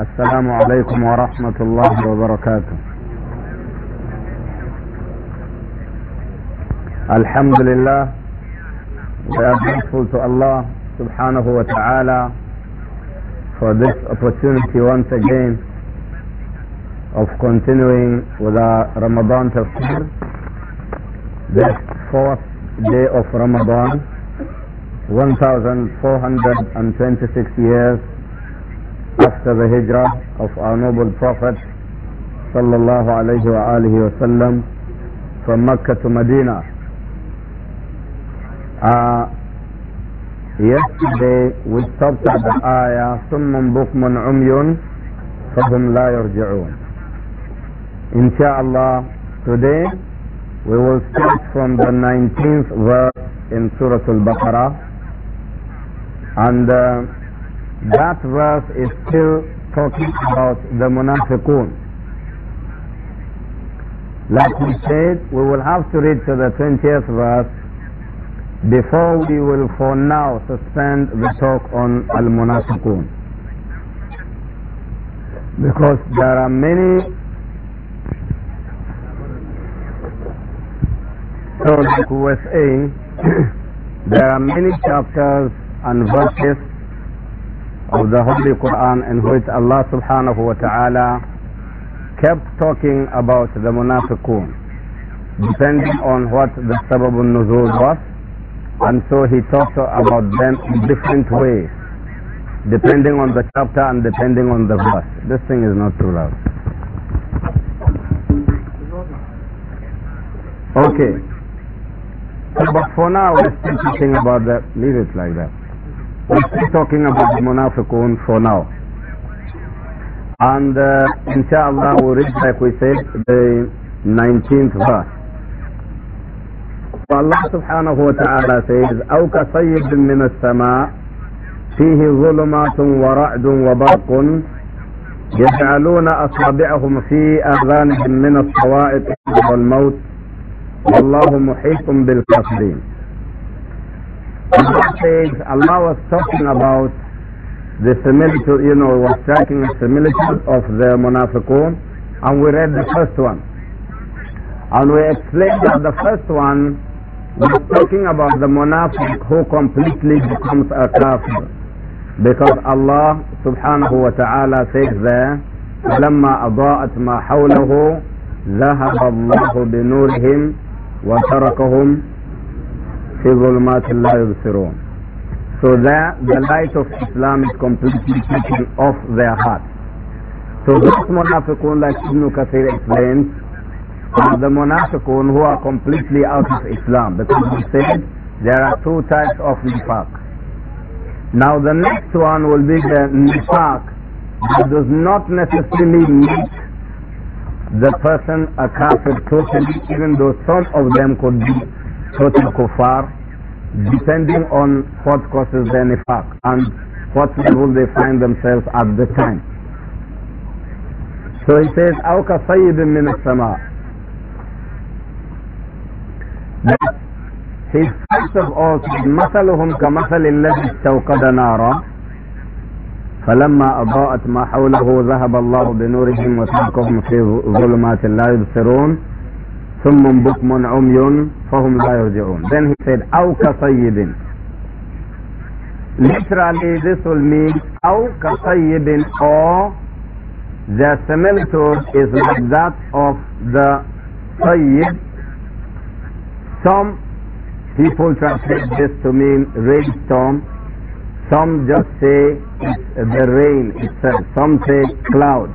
السلام عليكم ورحمة الله وبركاته Alhamdulillah We are grateful to Allah subhanahu wa ta'ala for this opportunity once again of continuing with our Ramadan tafsir this fourth day of Ramadan 1426 years after the hijrah of our noble Prophet sallallahu alayhi wa alihi wasallam from Mecca to Medina. Uh, yesterday we stopped at the ayah ثم بكم عمي فهم لا يرجعون. Inshallah today we will start from the 19th verse in Surah Al-Baqarah and uh, that verse is still talking about the munafiqun. Like we said, we will have to read to the 20th verse before we will for now suspend the talk on al-munafiqun. Because there are many So like we were saying, there are many chapters and verses of the Holy Quran in which Allah subhanahu wa ta'ala kept talking about the munafiqun depending on what the sababun nuzul was and so he talked about them in different ways depending on the chapter and depending on the verse this thing is not too loud okay but for now we're still talking about the leave it like that We're still talking about the munafiqun for now. And uh, inshallah we read, like we said, the 19th verse. Allah subhanahu wa ta'ala says أو كصيب من السماء فيه ظلمات ورعد وبرق يجعلون أصابعهم في آذانهم من الصواعق والموت والله محيط بالكافرين that page, Allah was talking about the similitude, you know, was striking a similitude of the munafiqun, and we read the first one. And we explained that the first one was talking about the munafiq who completely becomes a kafir. Because Allah subhanahu wa ta'ala says there, لَمَّا أضاءت ما حوله ذهب الله بنورهم وتركهم so there the light of Islam is completely taken off their hearts so those munafiqun like Ibn Kathir explains are the munafiqun who are completely out of Islam because he said there are two types of nifaq now the next one will be the nifaq that does not necessarily make the person a kafir totally even though some of them could be total kuffar depending on what causes their nifaq and what level they find themselves at the time. So he says, أو كصيب من السماء. That he first of all said, مثلهم كمثل الذي استوقد نارا فلما أضاءت ما حوله ذهب الله بنورهم وتركهم في ظلمات لا يبصرون then he said أو كصيب literally this will mean أو كصيب or the similitude is like that of the طيب some people translate this to mean rainstorm some just say it's the rain itself some say cloud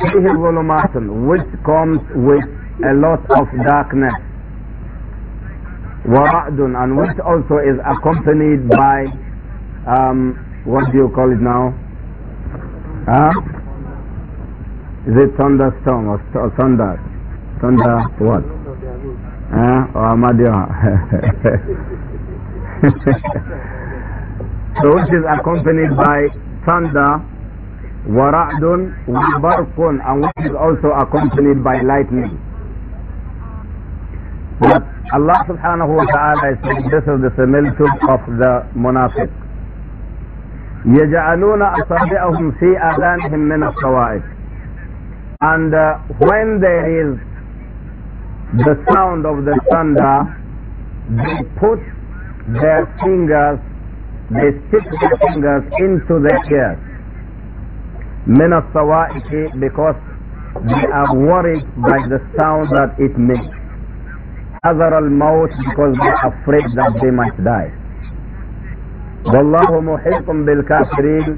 which comes with a lot of darkness. waradun, and which also is accompanied by um, what do you call it now? Huh? Is it thunderstorm or, st- thunder? Thunder what? Huh? Or Ahmadiyya? so which is accompanied by thunder ورعد وبرق and which is also accompanied by lightning. But Allah subhanahu wa ta'ala is saying this is the similitude of the munafiq. يجعلون أصابعهم في آذانهم من الصواعق And uh, when there is the sound of the thunder, they put their fingers, they stick their fingers into their ears. من الصوائح because they are worried by the sound that it makes. al الموت because they are afraid that they might die. والله bil kafirin,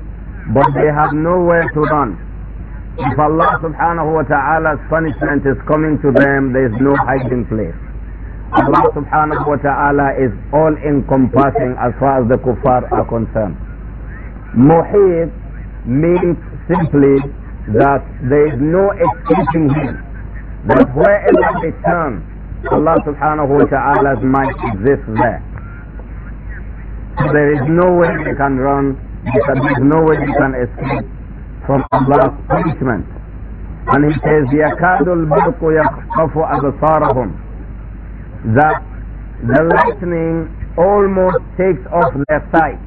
but they have nowhere to run. If Allah subhanahu wa ta'ala's punishment is coming to them, there is no hiding place. Allah subhanahu wa ta'ala is all encompassing as far as the kuffar are concerned. Muhit means simply that there is no escaping him. That wherever they turn, Allah subhanahu wa ta'ala's might exists there. So there is no way they can run, there is no way they can escape from Allah's punishment. And he says, يَكَادُ الْبَرْقُ يَخْطَفُ أَبْصَارَهُم That the lightning almost takes off their sight,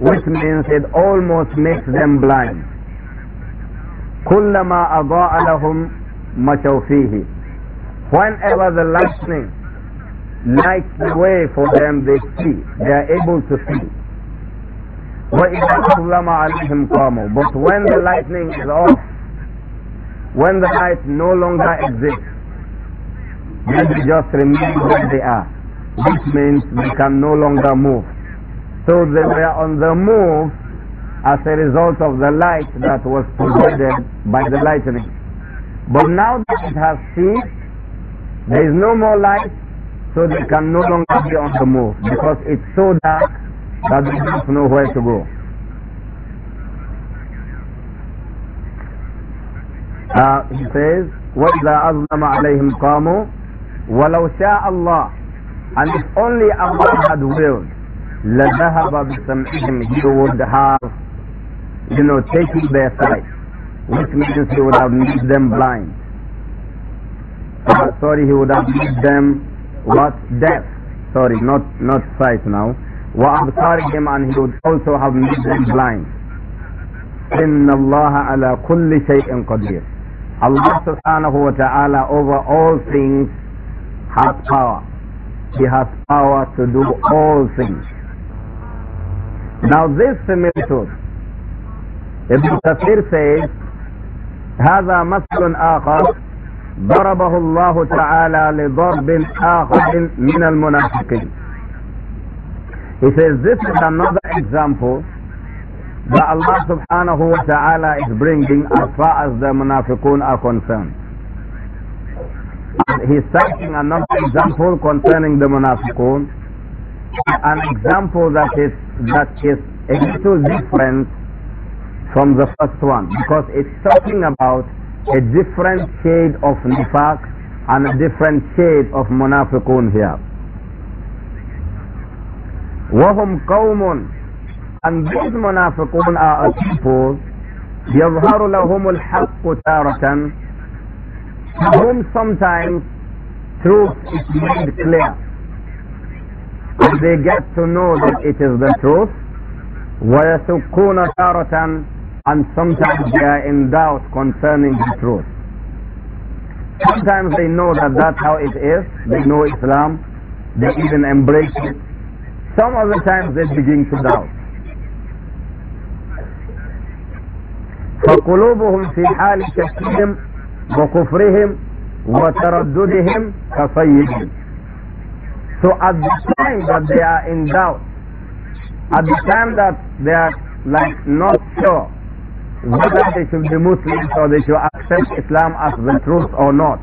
which means it almost makes them blind. كلما أضاء لهم مشوا فيه whenever the lightning lights the way for them they see they are able to see وإذا أظلم عليهم قاموا but when the lightning is off when the light no longer exists then they just remain where they are which means they can no longer move so they were on the move as a result of the light that was provided by the lightning. But now that it has ceased, there is no more light, so they can no longer be on the move because it's so dark that they don't know where to go. Uh, he says, وَإِذَا أَظْلَمَ عَلَيْهِمْ قَامُوا وَلَوْ شَاءَ اللَّهُ And if only Allah had willed, لَذَهَبَ بِسَمْعِهِمْ He would have you know, taking their sight, which means he would have made them blind. Uh, sorry, he would have made them what? Deaf. Sorry, not, not sight now. وأبصارهم and he would also have made them blind. إن الله على كل شيء قدير. Allah subhanahu wa ta'ala over all things has power. He has power to do all things. Now this similitude ابن كثير says, هذا مثل آخر ضربه الله تعالى لضرب آخر من المنافقين. He says this is another example that Allah subhanahu wa ta'ala is bringing as far as the munafiqun are concerned. He's citing another example concerning the munafiqun, an example that is, that is a little different from the first one because it's talking about a different shade of nifaq and a different shade of munafiqun here. وهم قوم and these munafiqun are a people يظهر لهم الحق تارة to whom sometimes truth is made clear and they get to know that it is the truth ويسكون تارة and sometimes they are in doubt concerning the truth. Sometimes they know that that's how it is, they know Islam, they even embrace it. Some other times they begin to doubt. فقلوبهم في حال شكهم وكفرهم وترددهم كصيد So at the time that they are in doubt, at the time that they are like not sure whether they should be Muslims or they should accept Islam as the truth or not.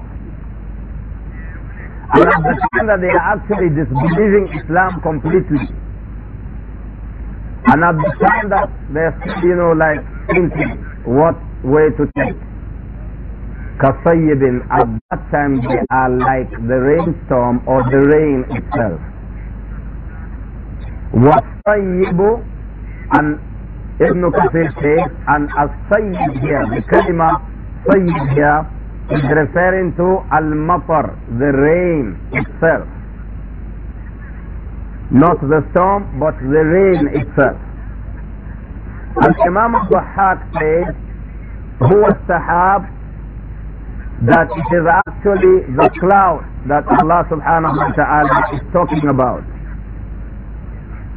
And at the time that they are actually disbelieving Islam completely, and at the time that they're still, you know, like thinking what way to take, Kasayyibin, at that time they are like the rainstorm or the rain itself. What and Ibn Kathir says, and as Sayyid here, the kalima Sayyid here is referring to al mafar the rain itself. Not the storm, but the rain itself. And Imam al-Dhahhak says, who was Sahab, that it is actually the cloud that Allah subhanahu wa ta'ala is talking about.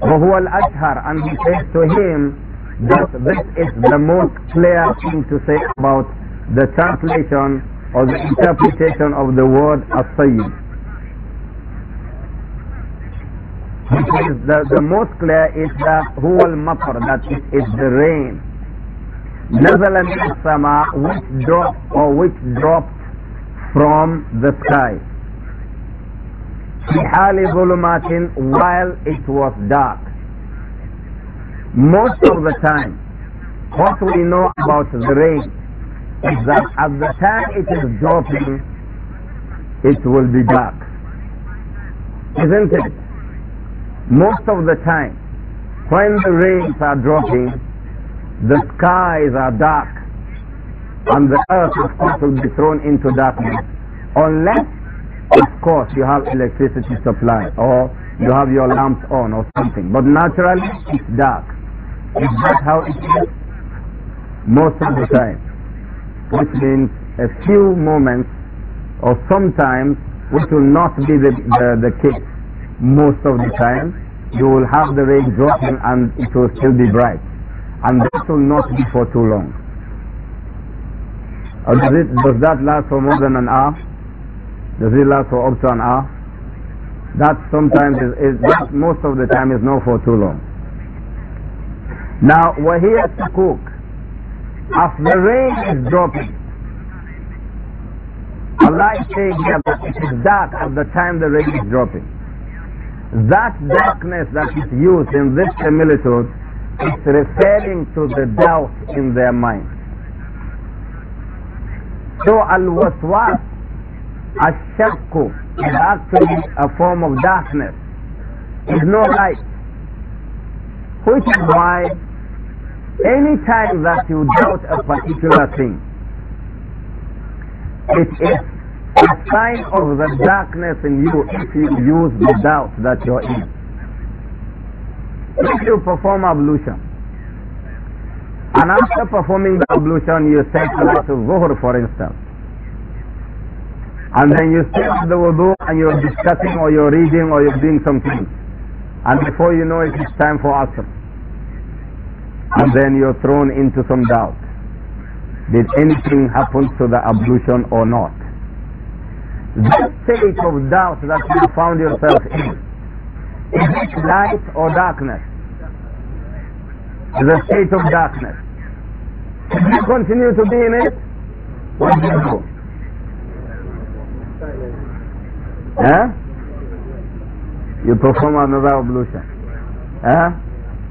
وهو الأشهر and he says to him but this is the most clear thing to say about the translation or the interpretation of the word as-sayyid. The, the most clear is the whole matter matar that it is the rain. نزل summer which drop or which dropped from the sky. في حال ظلمات while it was dark. Most of the time, what we know about the rain is that at the time it is dropping, it will be dark. Isn't it? Most of the time, when the rains are dropping, the skies are dark, and the earth, of course, will be thrown into darkness, unless, of course, you have electricity supply or you have your lamps on or something. But naturally, it's dark. Is that how it is? Most of the time. Which means a few moments or sometimes, which will not be the, the, the case most of the time, you will have the rain dropping and it will still be bright. And that will not be for too long. Or does, it, does that last for more than an hour? Does it last for up to an hour? That sometimes is, is that most of the time is not for too long. Now we're here at cook. As the rain is dropping, Allah is saying here that it is dark at the time the rain is dropping. That darkness that is used in this similitude is referring to the doubt in their mind. So al-waswas, al-shakku, is actually a form of darkness. It's no light. Which is why any time that you doubt a particular thing, it is a sign of the darkness in you if you use the doubt that you're in. If you perform ablution, and after performing the ablution, you say Salat al-Zuhr for instance, and then you stay the wudu and you're discussing or you're reading or you're doing something, and before you know it, it's time for Asr and then you're thrown into some doubt. Did anything happen to the ablution or not? That state of doubt that you found yourself in, is it light or darkness? The state of darkness. If you continue to be in it, what do you do? You perform another ablution. Huh?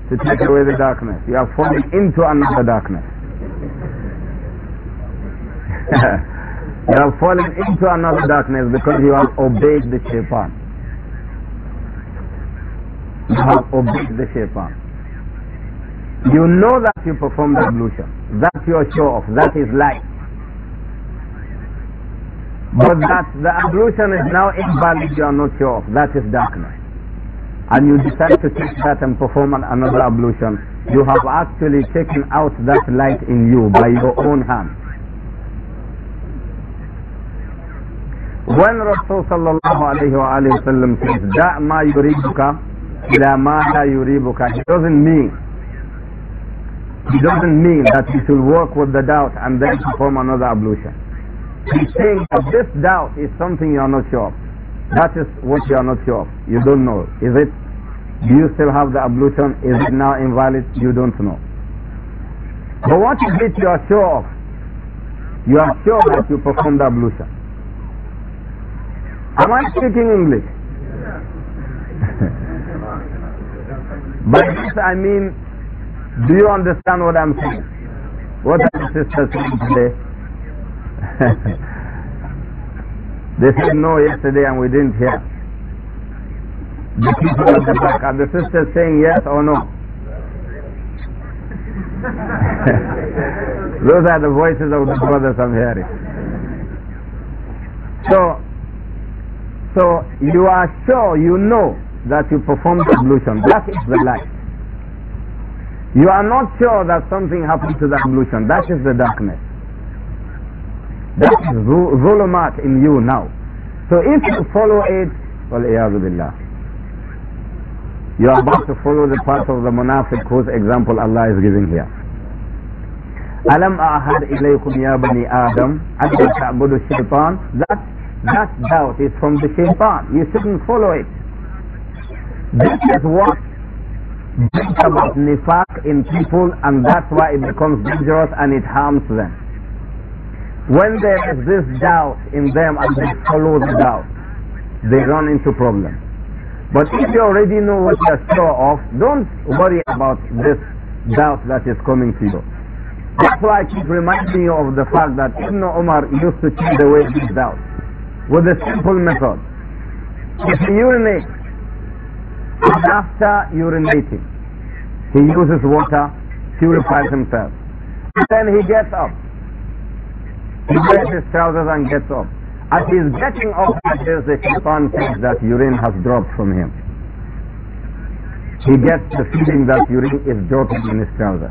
to take away the darkness. You are falling into another darkness. you are falling into another darkness because you have obeyed the shaitan. You have obeyed the shaitan. You know that you performed ablution. That you are sure of. That is light. But that the ablution is now invalid, you are not sure of. That is darkness and you decide to take that and perform an, another ablution, you have actually taken out that light in you by your own hand. When Rasul sallallahu alayhi wa sallam says, Da' ma yuribuka ila ma la yuribuka, he doesn't mean he doesn't mean that you should work with the doubt and then perform another ablution. He's saying that this doubt is something you are not sure of. That is what you are not sure of. You don't know. Is it? Do you still have the ablution? Is it now invalid? You don't know. But what is it you are sure of? You are sure that you performed the ablution. Am I speaking English? By this I mean, do you understand what I'm saying? What are the sisters saying today? They said no yesterday and we didn't hear. The people at the back, are the sisters saying yes or no? Those are the voices of the brothers I'm hearing. So, so you are sure, you know that you performed ablution. That is the light. You are not sure that something happened to the ablution. That is the darkness. That is zulumat in you now. So if you follow it, you are about to follow the path of the munafiq whose example Allah is giving here. ألم أعهد إليكم يا بني آدم أن تعبدوا that, that doubt is from the shaitan you shouldn't follow it this is what brings about nifaq in people and that's why it becomes dangerous and it harms them when there is this doubt in them and they follow the doubt, they run into problems. But if you already know what you are sure of, don't worry about this doubt that is coming to you. That's why I keep reminding you of the fact that Ibn Omar used to the way he doubt with a simple method. If he urinates, after urinating, he uses water, purifies himself. Then he gets up he wears his trousers and gets off. As he is getting off there is a the shaitan thinks that urine has dropped from him. He gets the feeling that urine is dropping in his trousers.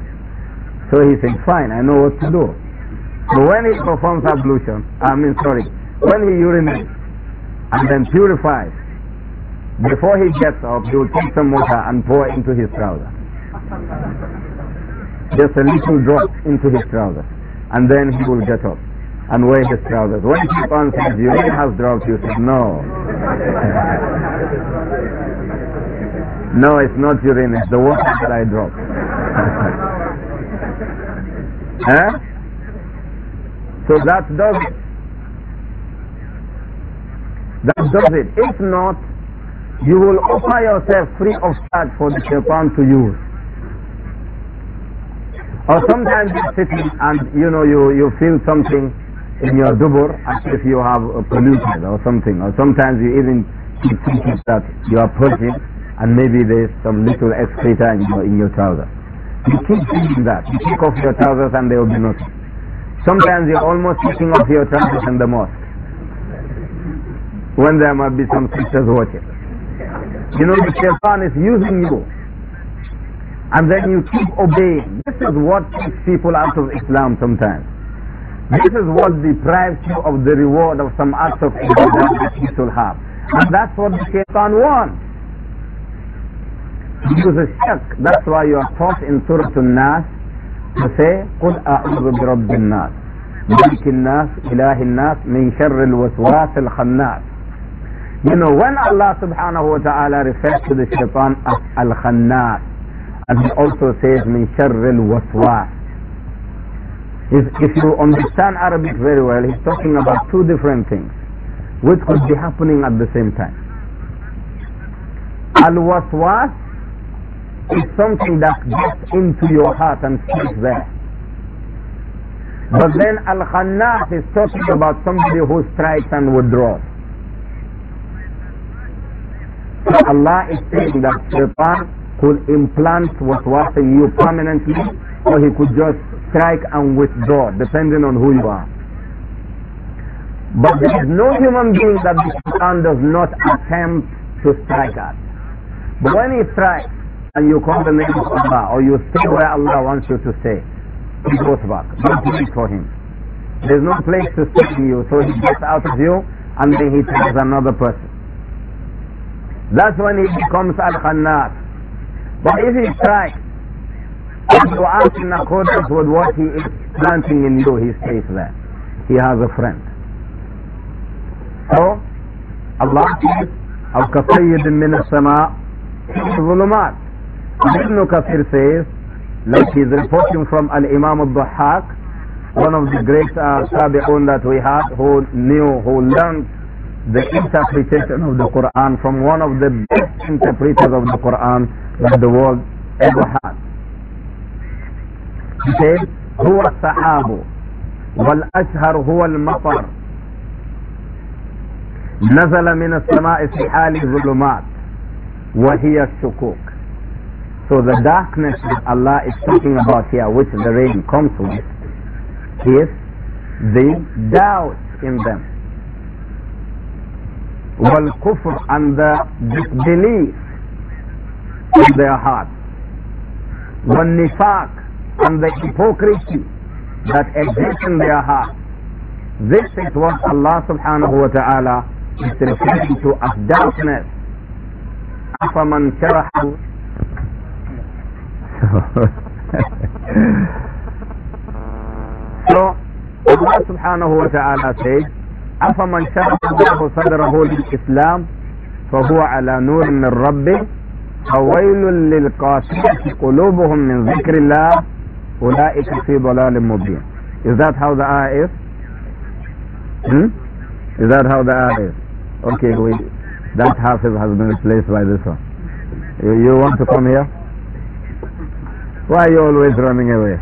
So he thinks, fine, I know what to do. So when he performs ablution, I mean, sorry, when he urinates and then purifies, before he gets up, he will take some water and pour into his trousers. Just a little drop into his trousers. And then he will get up and wear his trousers. When Shaitan says, you really have dropped, you say, no. no, it's not urine, it's the water that I dropped. huh? So that does it. That does it. If not, you will offer yourself free of charge for the shaitan to use. Or sometimes you're sitting and you know you, you feel something in your dubur as if you have polluted or something. Or sometimes you even keep thinking that you are purging and maybe there's some little excreta in your, in your trousers. You keep thinking that. You take off your trousers and there will be nothing. Sometimes you're almost taking off your trousers in the mosque when there might be some sisters watching. You know, the shaitan is using you. And then you keep obeying. This is what takes people out of Islam sometimes. This is what deprives you of the reward of some acts of ibadah that you should have. And that's what the shaitan wants. Use a shirk. That's why you are taught in Surah An-Nas to say, قُلْ أَعُوذُ بِرَبِّ النَّاسِ مَلِكِ النَّاسِ إِلَهِ النَّاسِ مِنْ شَرِّ الْوَسْوَاسِ الْخَنَّاسِ You know, when Allah subhanahu wa ta'ala refers to the shaitan as al-khannas, and he also says, مِنْ شَرِّ الْوَسْوَاسِ if, if you understand Arabic very well, he's talking about two different things, which could be happening at the same time. Al-waswas is something that gets into your heart and stays there. But then Al-Khannas is talking about somebody who strikes and withdraws. So Allah is saying that Shaitan could implant waswas in you permanently, or he could just strike and withdraw, depending on who you are. But there is no human being that the Quran does not attempt to strike at. But when he strikes and you call the name of Allah or you stay where Allah wants you to stay, he goes back. Don't wait for him. There's no place to stay in you, so he gets out of you and then he tells another person. That's when he becomes al-khannas. But if he strikes to ask in accordance with what he is planting in you, he stays there. He has a friend. So, Allah says, أو كصيب من السماء ظلمات ابن كثير says like he's reporting from Al-Imam al-Dhahhak one of the great uh, Tabi'un that we had who knew, who learned the interpretation of the Quran from one of the best interpreters of the Quran that the world ever had هو السحاب والأشهر هو المطر نزل من السماء في حال الظلمات وهي الشكوك So the darkness that Allah is talking about here, which the rain comes with, is the doubt in them. Wal-kufr and the disbelief in their hearts. Wal-nifaq and the hypocrisy that exists in their heart. This is what Allah subhanahu wa ta'ala is referring to as darkness. أَفَمَنْ شَرَحَ So, Allah subhanahu wa ta'ala says, أَفَمَنْ شَرَحَ اللَّهُ صَدْرَهُ لِلْإِسْلَامِ فَهُوَ عَلَى نُورٍ مِّن رَّبِّهِ فَوَيْلٌ لِلْقَاسِيَةِ قُلُوبُهُم مِّن ذِكْرِ اللَّهِ أولئك في ضلال مبين Is that how the ayah is? Hmm? Is that how the ayah is? Okay, we, that half has been replaced by this one. You, you want to come here? Why are you always running away?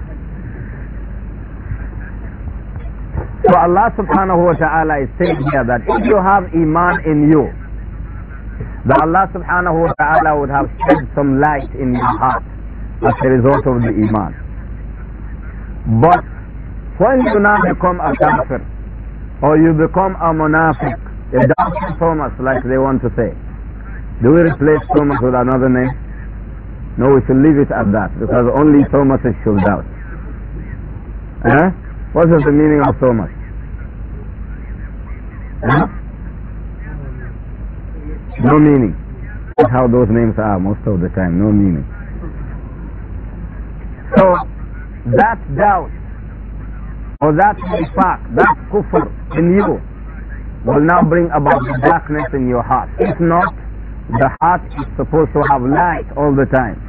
So Allah subhanahu wa ta'ala is saying here that if you have iman in you, that Allah subhanahu wa ta'ala would have shed some light in your heart as a result of the iman. But when you now become a kafir, or you become a monastic, a doubting Thomas, like they want to say, do we replace Thomas with another name? No, we should leave it at that, because only Thomas should doubt. Eh? What is the meaning of Thomas? Eh? No meaning. That's how those names are most of the time, no meaning. So, that doubt or that nifaq, that kufr in you will now bring about the darkness in your heart. If not, the heart is supposed to have light all the time.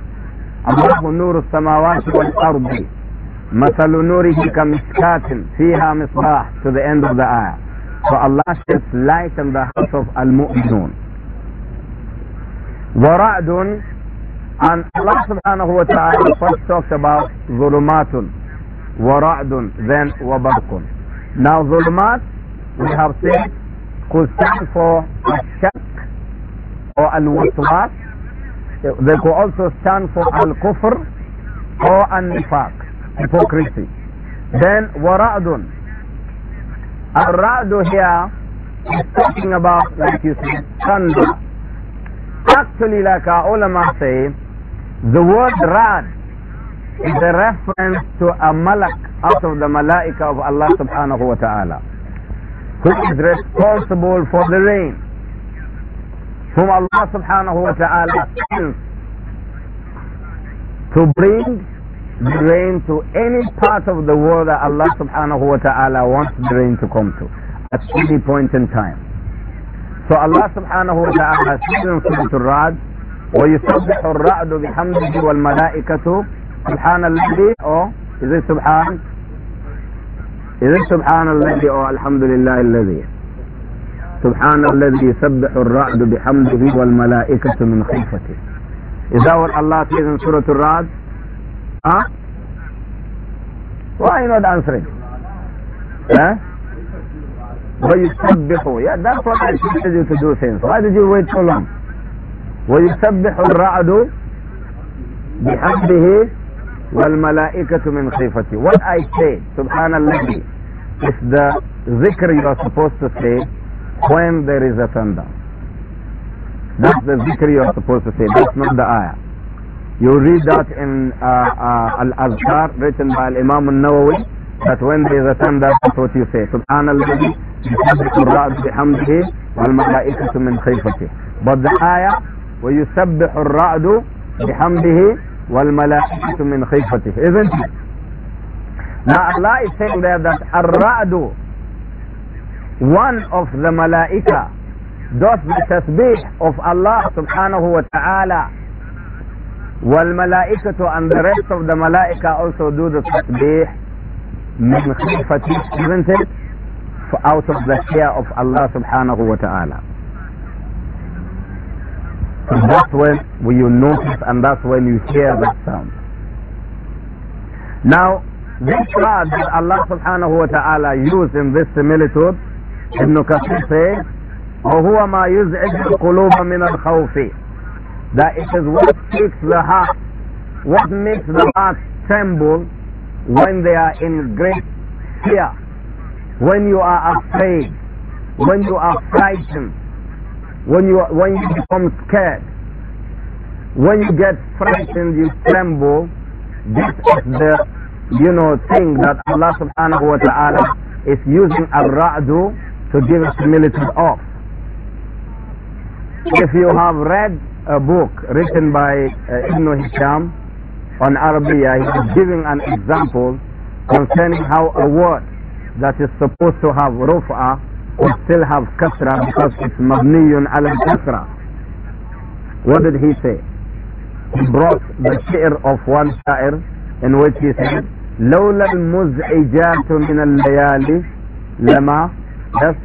الله نور السماوات والأرض مثل نوره كمشكاة فيها مصباح to the end of the ayah. So Allah sheds light on the heart of al-mu'minun. ورعد and Allah subhanahu wa ta'ala first talked about ظُلُمَاتٌ وَرَعْدٌ then وَبَرْقٌ Now ظُلُمَات we have said could stand for الشك or al they could also stand for al or النفاق hypocrisy then ورعد al-ra'du is talking about like you said thunder actually like our ulama say the word Rad is a reference to a malak out of the malaika of Allah subhanahu wa ta'ala who is responsible for the rain whom Allah subhanahu wa ta'ala sends to bring the rain to any part of the world that Allah subhanahu wa ta'ala wants the rain to come to at any point in time. So Allah subhanahu wa ta'ala sends him to rad. ويسبح الرعد بحمده والملائكة سبحان الذي أو إذا سبحان إذا سبحان الذي أو الحمد لله الذي سبحان الذي يسبح الرعد بحمده والملائكة من خيفته إذا Allah says in Surah الرعد ها why are you not answering ويسبحوا ويسبح yeah that's what I expected you to do things why did you wait so long ويسبح الرعد بحمده والملائكة من خيفته what I say subhanallah is the zikr you are supposed to say when there is a thunder that's the zikr you are supposed to say that's not the ayah you read that in uh, uh, al azhar written by Imam al-Nawawi that when there is a thunder that's what you say subhanallah يسبح الرعد بحمده والملائكة من خيفته but the ayah ويسبح الرعد بحمده والملائكة من خيفته isn't it now Allah is saying there that الرعد one of the ملائكة does the تسبيح of Allah subhanahu wa ta'ala والملائكة and the rest of the ملائكة also do the تسبيح من خيفته isn't it out of the fear of Allah subhanahu wa ta'ala So that's when you notice and that's when you hear that sound. Now, this word that Allah subhanahu wa ta'ala used in this similitude, Ibn Kathir says, وَهُوَ مَا يُزْعِجُ الْقُلُوبَ مِنَ الْخَوْفِ That it is what shakes the heart, what makes the heart tremble when they are in great fear, when you are afraid, when you are frightened when you, when you become scared, when you get frightened, you tremble. This is the, you know, thing that Allah subhanahu wa ta'ala is using al-ra'du to give us humility off. If you have read a book written by uh, Ibn Hisham on Arabia, he is giving an example concerning how a word that is supposed to have rufa قلت كسرة بكسرة because it's مبني على الكسرة what did he say he brought the shi'r of one شاعر in which he said لولا المزعجات من الليالي لما yes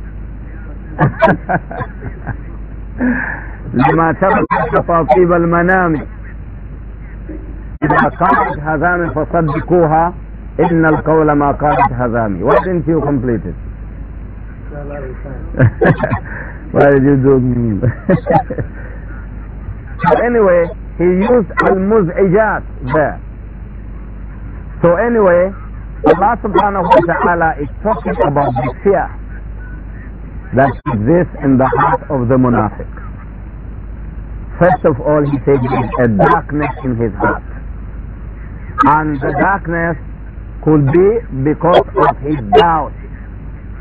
لما تركت تفاصيل المنام إذا قالت هذان فصدقوها إن القول ما قالت هذامي why didn't you complete it Why did you do me? so anyway, he used al-muz'ijat there. So anyway, Allah subhanahu wa ta'ala is talking about the fear that exists in the heart of the munafiq. First of all, he says there is a darkness in his heart. And the darkness could be because of his doubt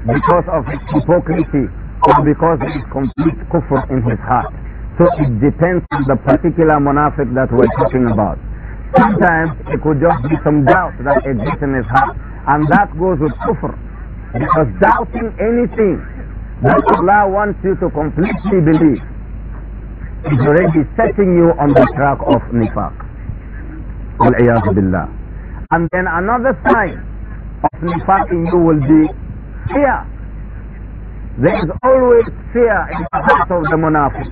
because of his hypocrisy or because his complete kufr in his heart. So it depends on the particular munafiq that we're talking about. Sometimes it could just be some doubt that exists in his heart, and that goes with kufr. Because doubting anything that Allah wants you to completely believe is already setting you on the track of nifaq. And then another sign of nifaq in you will be Fear. There is always fear in the heart of the munafiq.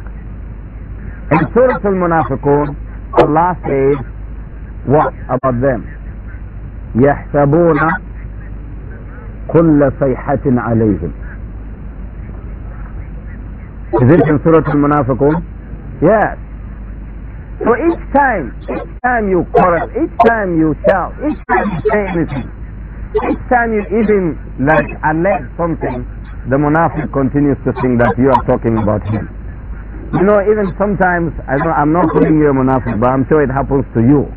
In Surah Al-Munafiqun, Allah says, what about them? يحسبون كل صيحة عليهم. Is it in Surah Al-Munafiqun? Yes. So each time, each time you quarrel, each time you shout, each time you say anything, each time you even like allege something, the munafiq continues to think that you are talking about him. You know, even sometimes, I don't, I'm not calling you a munafiq, but I'm sure it happens to you.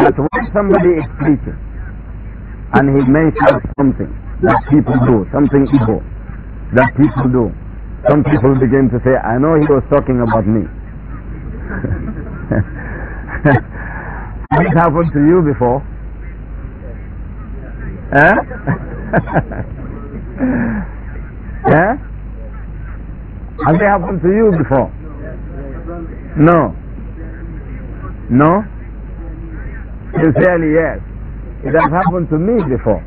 That when somebody is preaching and he mentions something that people do, something evil that people do, some people begin to say, I know he was talking about me. Has it happened to you before? Huh? yeah? Has it happened to you before? No. No? Sincerely, yes. It has happened to me before.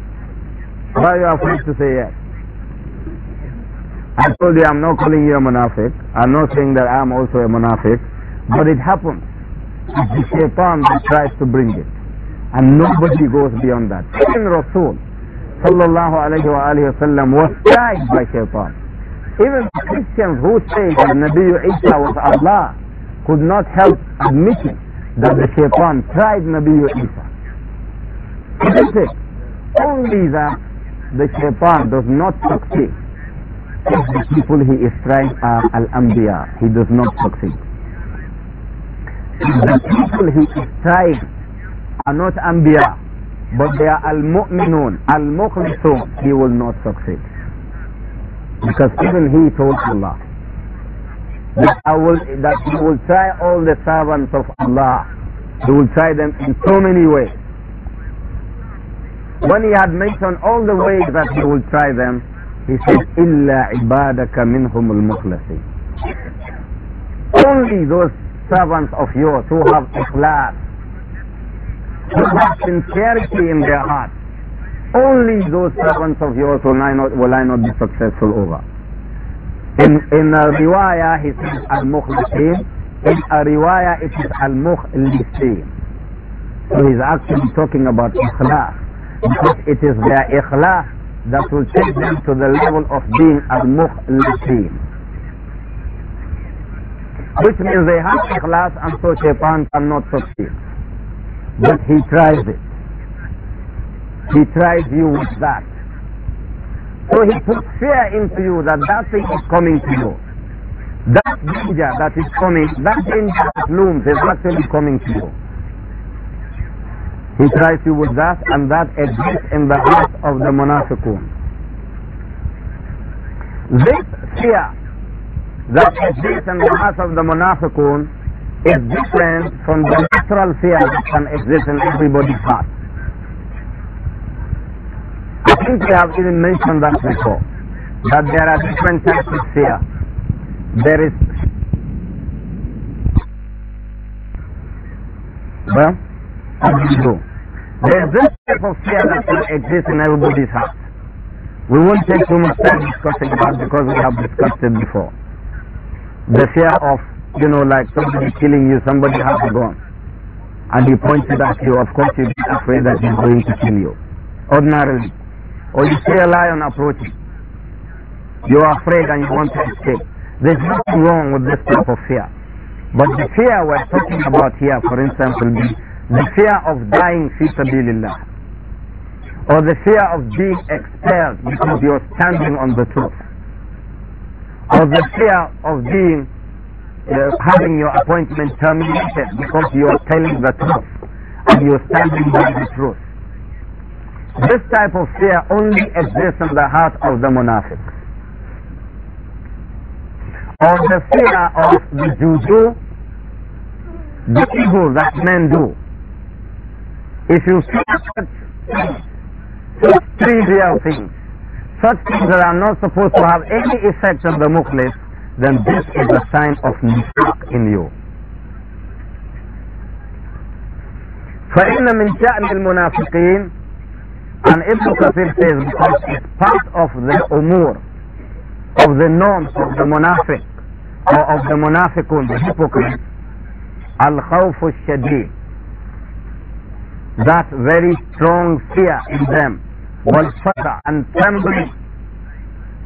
Why are you afraid to say yes? I told you I'm not calling you a monafik. I'm not saying that I'm also a monafik. But it happens. It's the shaitan that tries to bring it and nobody goes beyond that. Even Rasul sallallahu alayhi wasallam was tried by shaitan. Even Christians who say that Nabi Isa was Allah could not help admitting that the shaitan tried Nabi Isa. Isn't it? Only that the shaitan does not succeed if the people he is trying are Al-Anbiya. He does not succeed. If the people he is trying are not Anbiya, but they are Al-Mu'minun, Al-Mukhlisun, he will not succeed. Because even he told Allah that, I will, that he will try all the servants of Allah. He will try them in so many ways. When he had mentioned all the ways that he will try them, he said, إِلَّا minhum al الْمُخْلَصِينَ Only those servants of yours who have ikhlas, who have sincerity in their heart. Only those servants of yours will I not, will I not be successful over. In, in a riwayah, he says al-mukhlisin. In a riwayah, it is al-mukhlisin. So he's actually talking about ikhlas. Because it is their ikhlas that will take them to the level of being al-mukhlisin. Which means they have ikhlas and so shaitan cannot succeed. But he tries it. He tries you with that. So he puts fear into you that that thing is coming to you. That danger that is coming, that danger that looms is actually coming to you. He tries you with that, and that exists in the heart of the monafiqun. This fear that exists in the heart of the monafiqun is different from the natural fear that can exist in everybody's heart. I think we have even mentioned that before, that there are different types of fear. There is well, as you There is this type of fear that can exist in everybody's heart. We won't take too much time discussing that because we have discussed it before. The fear of you know, like somebody killing you, somebody has a gun. And he pointed at you, of course you'd be afraid that he's going to kill you. Ordinarily. Or you see a lion approaching. You are afraid and you want to escape. There's nothing wrong with this type of fear. But the fear we're talking about here, for instance, will be the fear of dying fi Or the fear of being expelled because you're standing on the truth. Or the fear of being uh, having your appointment terminated because you are telling the truth and you're standing by the truth. This type of fear only exists in the heart of the munafiq. Or the fear of the juju, the evil that men do. If you see such, such trivial things, such things that are not supposed to have any effect on the mukhlis, then this is a sign of nifaq in you. فإن من شأن المنافقين and Ibn Kathir says because it's part of the umur of the norms of the munafiq or of the munafiqun, the hypocrite al الشَّدِيدِ that very strong fear in them wal and trembling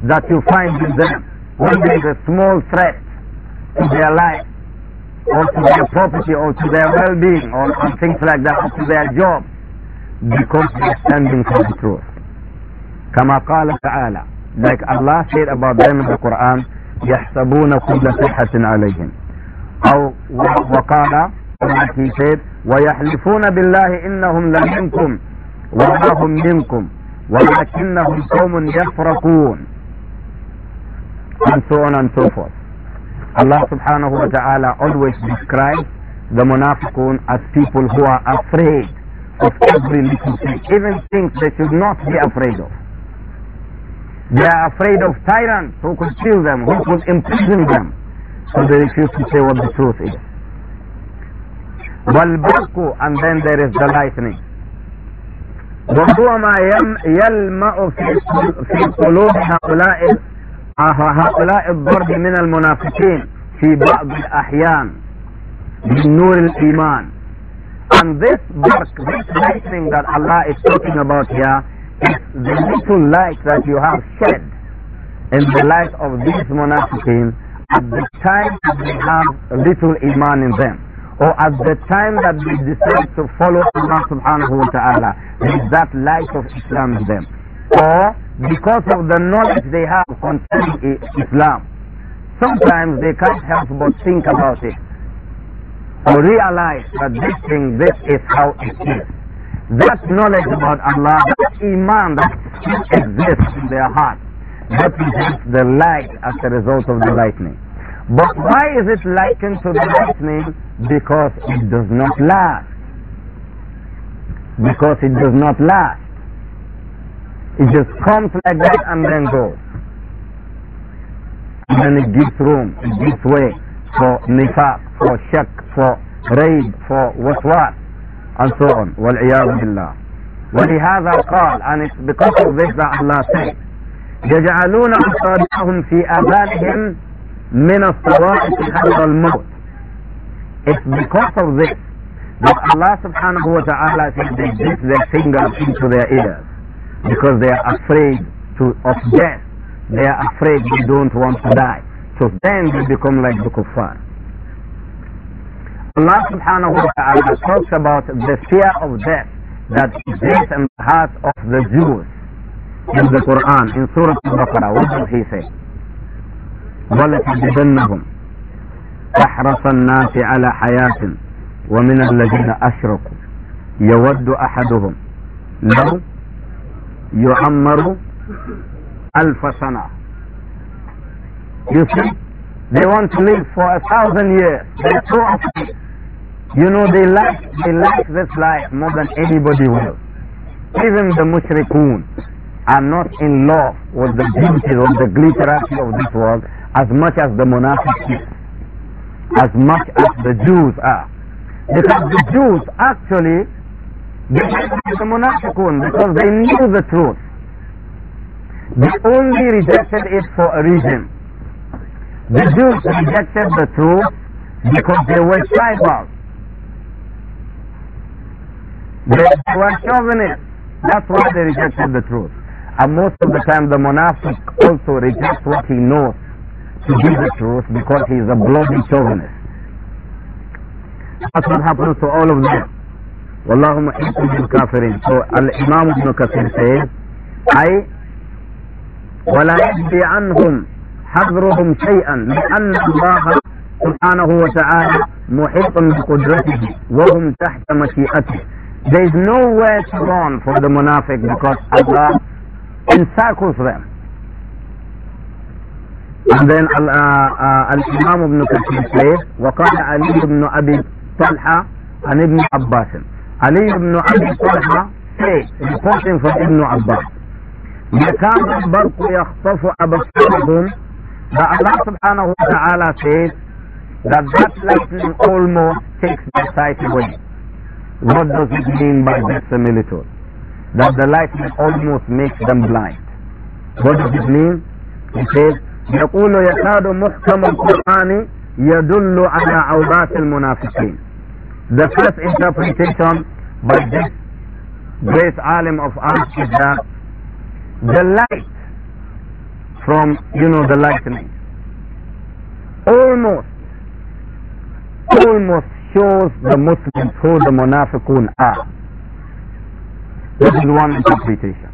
that you find in them when there is a small threat to their life or to their property or to their well-being or, or things like that or to their job because they are standing for the truth. كما قال تعالى like Allah said about them in the Quran يحسبون كل صحة عليهم أو وقال like he said ويحلفون بالله إنهم لمنكم وما هم منكم ولكنهم قوم يفرقون and so on and so forth. Allah subhanahu wa ta'ala always describes the munafiqun as people who are afraid of every little thing, even things they should not be afraid of. They are afraid of tyrants who could kill them, who could imprison them. So they refuse to say what the truth is. وَالْبَرْقُ And then there is the lightning. وَهُوَ مَا فِي قُلُوبِ هَؤُلَاءِ هؤلاء الضرب من المنافقين في بعض الأحيان من نور الإيمان and this dark, this lightning that Allah is talking about here is the little light that you have shed in the light of these monastics at the time that they have little iman in them or at the time that they decide to follow Allah subhanahu wa ta'ala with that light of Islam in them or because of the knowledge they have concerning Islam. Sometimes they can't help but think about it or realize that this thing, this is how it is. That knowledge about Allah, that iman that still exists in their heart, represents the light as a result of the lightning. But why is it likened to the lightning? Because it does not last. Because it does not last. It just comes like that and then goes. And then it gives room, it gives way for nifaq, for shak, for raid, for waswas, and so on. وَالْعِيَاذُ بِاللَّهِ ولهذا قال and it's because of this that Allah said يجعلون أصابعهم في آذانهم من الصواعق حذر الموت It's because of this that Allah subhanahu wa ta'ala said they dip their fingers into their ears because they are afraid to, of death. They are afraid they don't want to die. So then they become like the kuffar. Allah subhanahu wa ta'ala talks about the fear of death that exists in the heart of the Jews in the Quran, in Surah Al-Baqarah. What does he say? وَلَتَجِدَنَّهُمْ أَحْرَصَ النَّاسِ عَلَى حَيَاةٍ وَمِنَ الَّذِينَ أَشْرَكُوا يَوَدُّ أَحَدُهُمْ لَوْ يعمر ألف سنة You see, they want to live for a thousand years. They're You know, they like, they like this life more than anybody will. Even the mushrikun are not in love with the beauty of the glitterati of this world as much as the monastics, as much as the Jews are. Because the Jews actually the munafiqun because they knew the truth. They only rejected it for a reason. The Jews rejected the truth because they were tribal. They were chauvinists. That's why they rejected the truth. And most of the time the monastic also rejects what he knows to be the truth because he is a bloody chauvinist. That's what happens to all of them. والله محيط بالكافرين so الإمام ابن كثير سيد أي ولا يجدي عنهم حذرهم شيئا لأن الله سبحانه وتعالى محيط بقدرته وهم تحت مشيئته There is no way to run for the منافق because Allah encircles them. And then الامام ابن كثير سيد وقال علي بن أبي طلحة عن ابن عباس علي بن عبد Talha said, reporting from Ibn Abbas, يكاد البرق يخطف أبصارهم that Allah subhanahu wa ta'ala that that lightning almost takes the sight away. What does it mean by that similitude? That the lightning almost makes them blind. What does it mean? He says, يقول يكاد محكم القرآن يدل على عورات المنافقين The first interpretation by this great alim of ours is that the light from, you know, the lightning almost, almost shows the Muslims who the munafiqun are. This is one interpretation.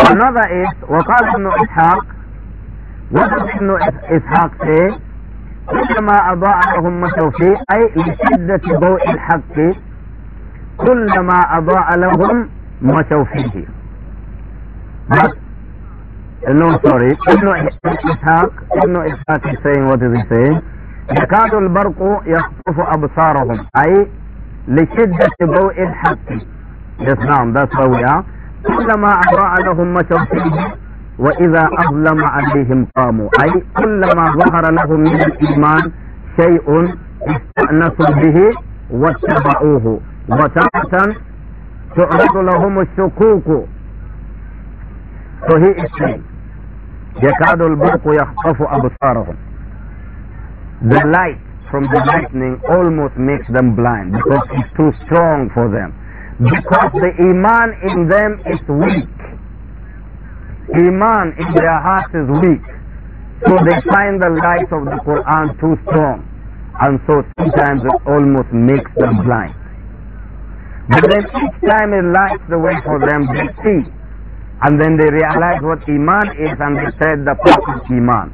Another is, وقال ابن إسحاق, what does Ibn Ishaq say? كلما أضاء لهم مشوا فيه أي لشدة ضوء الحق كلما أضاء لهم مشوا فيه No, sorry. ابن إسحاق ابن إسحاق is saying what is he saying? يكاد البرق يخطف أبصارهم أي لشدة ضوء الحق. Yes, نعم, that's where we are. كلما أضاء لهم مشوا فيه وإذا أظلم عليهم قاموا أي كلما ظهر لهم من الإيمان شيء استأنسوا به واتبعوه وتارة تعرض لهم الشكوك فهي الشيء يكاد البرق يخطف أبصارهم The light from the lightning almost makes them blind because it's too strong for them because the iman in them is weak Iman in their hearts is weak. So they find the light of the Quran too strong. And so sometimes it almost makes them blind. But then each time it lights the way for them, they see. And then they realize what Iman is and they said the proper Iman.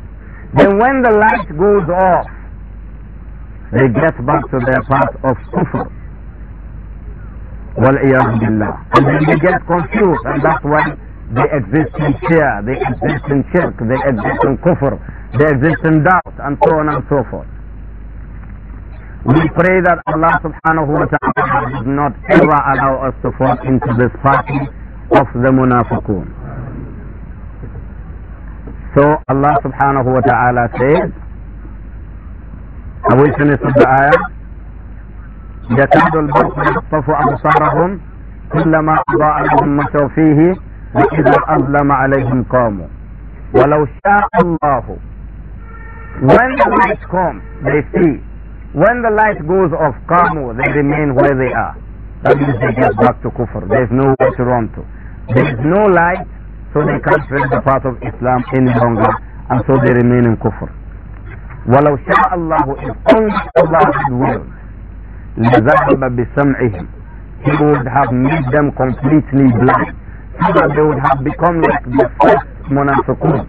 Then when the light goes off, they get back to their path of kufr. وَالْعِيَاذُ بِاللَّهِ And then they get confused and that's why they exist in Shia, they exist in Shirk, they exist in Kufr, they exist in doubt, and so on and so forth. We pray that Allah subhanahu wa ta'ala does not ever allow us to fall into this party of the munafiqun. So Allah subhanahu wa ta'ala says, have we finished the ayah? يكاد البرق يخطف أبصارهم كلما أضاء لهم مشوا فيه وإذا أظلم عليهم قاموا ولو شاء الله when the light comes they see when the light goes off قاموا they remain where they are that means they get back to kufr there is no way to run to there is no light so they can't tread the path of Islam any longer and so they remain in kufr ولو شاء الله if only Allah had لذهب بسمعهم he would have made them completely blind so that they would have become like the first munafiqun.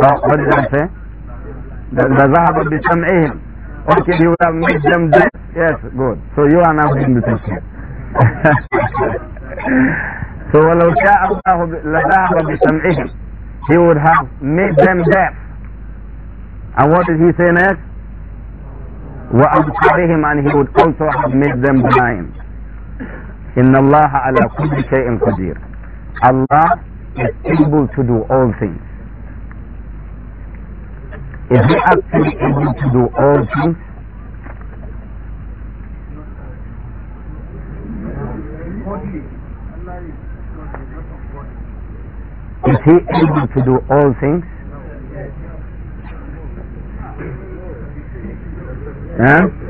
Oh, what did I say? The ذهب بسمعهم. Okay, you have made them deaf. Yes, good. So you are now in the tafsir. so ولو شاء الله لذهب بسمعهم. He would have made them deaf. And what did he say next? وأبصارهم and he would also have made them blind. إن ala kulli كل شيء Allah is able to do all things is he actually able to do all things Is he able to do all things? Yeah.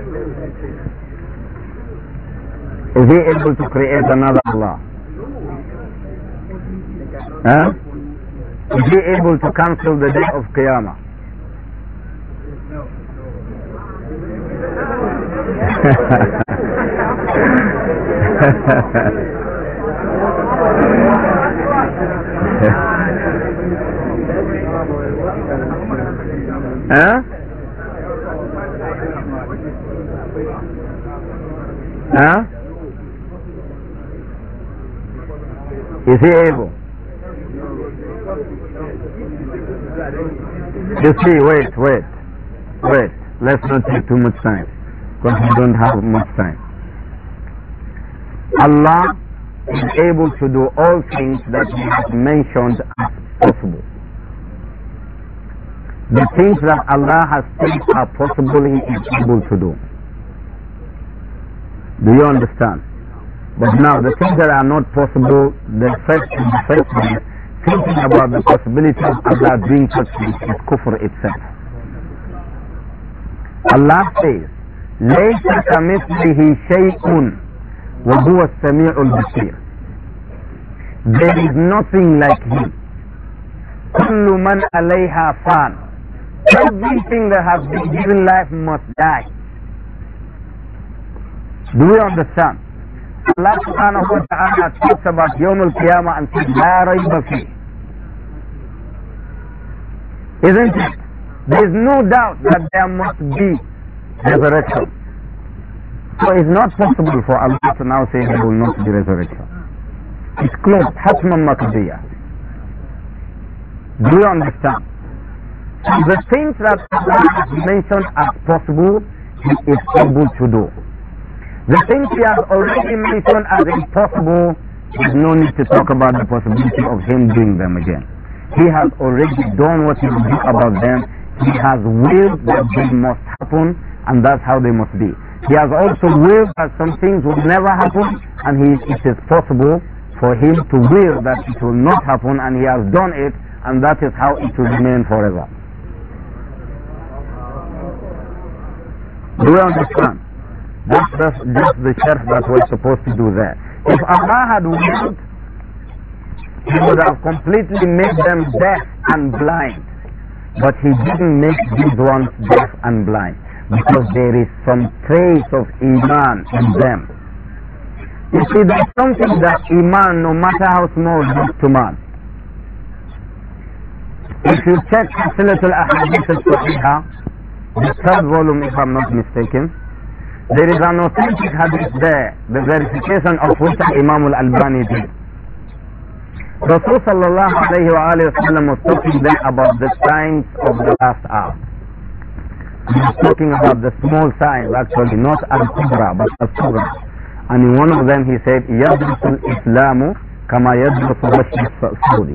Is he able to create another Allah? Huh? Is he able to cancel the day of Qiyamah? huh? Huh? Is he able? You see, wait, wait, wait. Let's not take too much time because we don't have much time. Allah is able to do all things that He has mentioned as possible. The things that Allah has said are possible He is able to do. Do you understand? But now, the things that are not possible, the first and the first one, thinking about the possibility of Allah doing such things is kufr itself. Allah says, ليس كمثله شيء وهو السميع البصير There is nothing like him. كل من عليها فان Everything that has been given life must die. Do we understand? Allah subhanahu wa ta'ala talks about Yawm qiyamah and says, La rayba fi. Isn't it? There is no doubt that there must be resurrection. So it's not possible for Allah to now say there will not be resurrection. It's closed. Hatman Makadiyah. Do you understand? The things that Allah has mentioned as possible, He is able to do. The things he has already mentioned as impossible, there's no need to talk about the possibility of him doing them again. He has already done what he did about them. He has willed that they must happen, and that's how they must be. He has also willed that some things will never happen, and he, it is possible for him to will that it will not happen, and he has done it, and that is how it will remain forever. Do you understand? this, the, just the church that was supposed to do that. If Allah had willed, He would have completely made them deaf and blind. But He didn't make these ones deaf and blind because there is some trace of Iman in them. You see, there's something that Iman, no matter how small, does to man. If you check Silatul Ahadith al the third volume if I'm not mistaken, there is an authentic hadith there, the verification of which Imam al-Albani did. Rasul sallallahu alayhi wa alayhi wa sallam was talking there about the signs of the last hour. He was talking about the small signs actually, not al-kubra but al-kubra. And in one of them he said, يَدْرُسُ الْإِسْلَامُ كَمَا يَدْرُسُ رَشْدِ الصَّوْدِ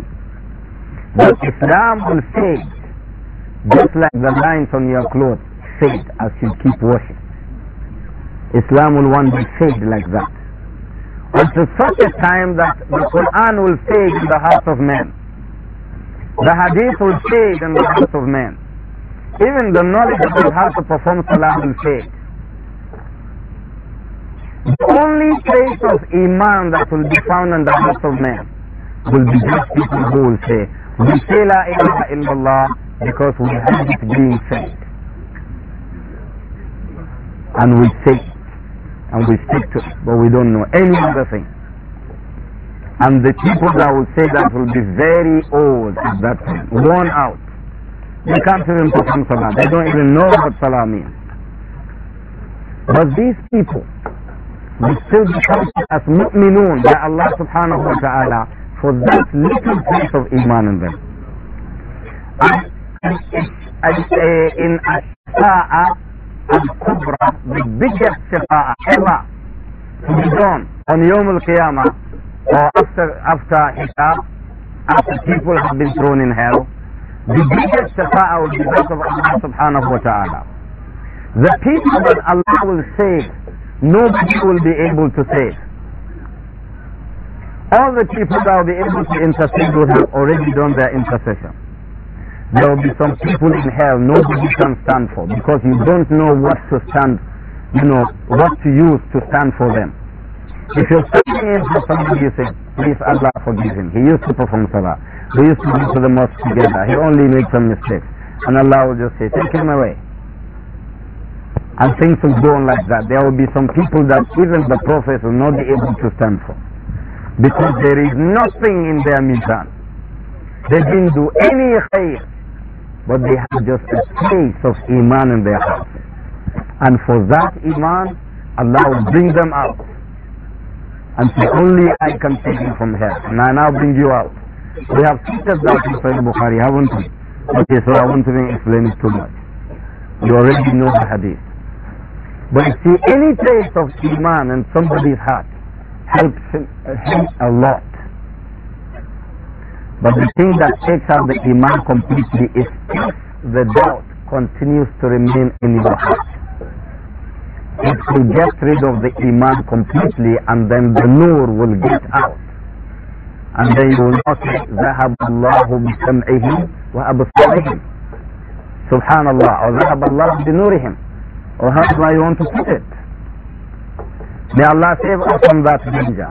That Islam will fade just like the lines on your clothes fade as you keep washing. Islam will one day fade like that. Until such a time that the Quran will fade in the hearts of men. The Hadith will fade in the hearts of men. Even the knowledge about how to perform Salah will fade. The only trace of Iman that will be found in the hearts of men will be just people who will say, we say La ilaha illallah because we have it being said. And we say and we speak, to but we don't know any other thing. And the people that will say that will be very old at that time, worn out. They can't even perform salah. They don't even know what salah means. But these people will still be counted as mu'minun by Allah subhanahu wa ta'ala for that little piece of iman in them. And in a al-kubra, the biggest shafa'ah ever to be done on Yom al-Qiyamah or after, after Hisab, after people have been thrown in hell, the biggest shafa'ah will be that of Allah subhanahu wa ta'ala. The people that Allah will save, nobody will be able to save. All the people that will be able to intercede will have already done their intercession there will be some people in hell nobody can stand for because you don't know what to stand, you know, what to use to stand for them. If you're standing in for somebody, you say, please Allah forgive him. He used to perform salah. We used to go to the mosque together. He only made some mistakes. And Allah will just say, take him away. And things will go on like that. There will be some people that even the Prophet will not be able to stand for. Because there is nothing in their mizan. They didn't do any khair but they have just a trace of Iman in their heart. And for that Iman, Allah will bring them out and say, Only I can take you from here, and I now bring you out. We have treated that in Sahih Bukhari, haven't we? Okay, so I won't even explain it too much. You already know the hadith. But you see, any trace of Iman in somebody's heart helps him, him uh, a lot. But the thing that takes out the iman completely is if the doubt continues to remain in your heart. If you get rid of the iman completely and then the nur will get out. And then you will not say, الله بسمعهم wa سبحان Subhanallah, or ذهب الله Or or do I want to put it. May Allah save us from that danger.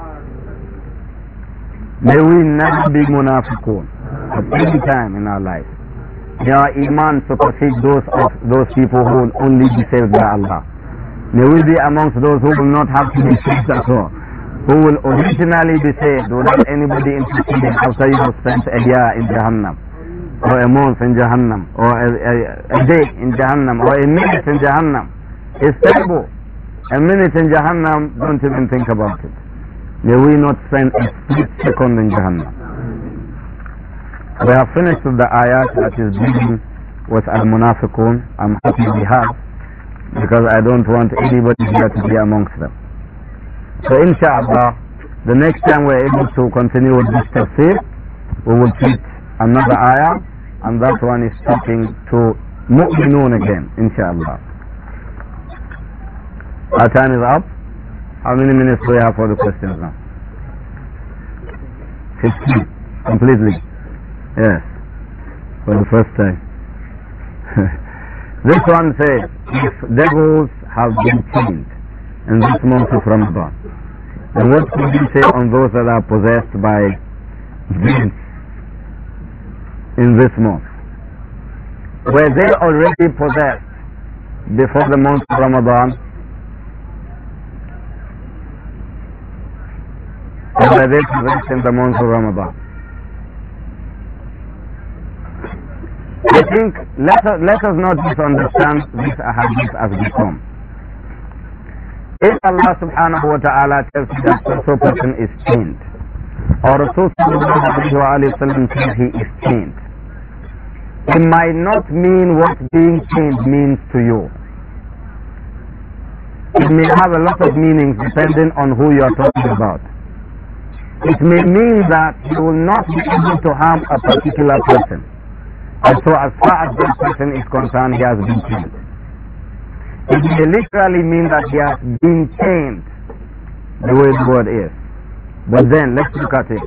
May we never be munafiqun at any time in our life. Their iman supersedes those of those people who will only be saved by Allah. May we be amongst those who will not have to be saved at all, who will originally be saved without anybody interceding after you have spent a year in Jahannam, or a month in Jahannam, or a, a, a day in Jahannam, or a minute in Jahannam. It's terrible. A minute in Jahannam, don't even think about it. May we not spend a split second in Jahannam. We have finished the ayat that is dealing with Al-Munafiqun. I'm happy we have because I don't want anybody here to be amongst them. So inshallah, the next time we're able to continue with this tafsir, we will treat another ayah and that one is talking to mu'minun again, inshallah. Our time is up. How many minutes do we have for the questions now? 15. Completely. Yes. For the first time. this one says, if devils have been chained in this month of Ramadan, then what could you say on those that are possessed by jinns in this month? Were they already possessed before the month of Ramadan and by that we in the month of Ramadan. I think let us, let us not misunderstand this ahadith as we come. If Allah subhanahu wa ta'ala tells you that so person is chained, or Rasul says he is chained, it might not mean what being chained means to you. It may have a lot of meanings depending on who you are talking about it may mean that he will not be able to harm a particular person. And so as far as that person is concerned, he has been killed. It may literally mean that he has been chained, the way the word is. But then, let's look at it.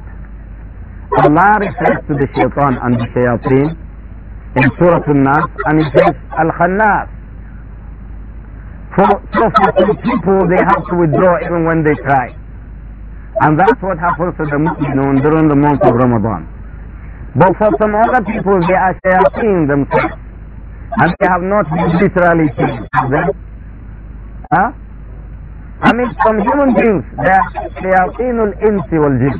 Allah refers to the shaitan and the shayateen in Surah An-Nas and he says, Al-Khannas. For, so for some people, they have to withdraw even when they try. And that's what happens to the mu'minun during the month of Ramadan. But for some other people, they are shayateen themselves. And they have not literally changed Huh? I mean, some human beings, they are shayateen al-insi wal-jinn.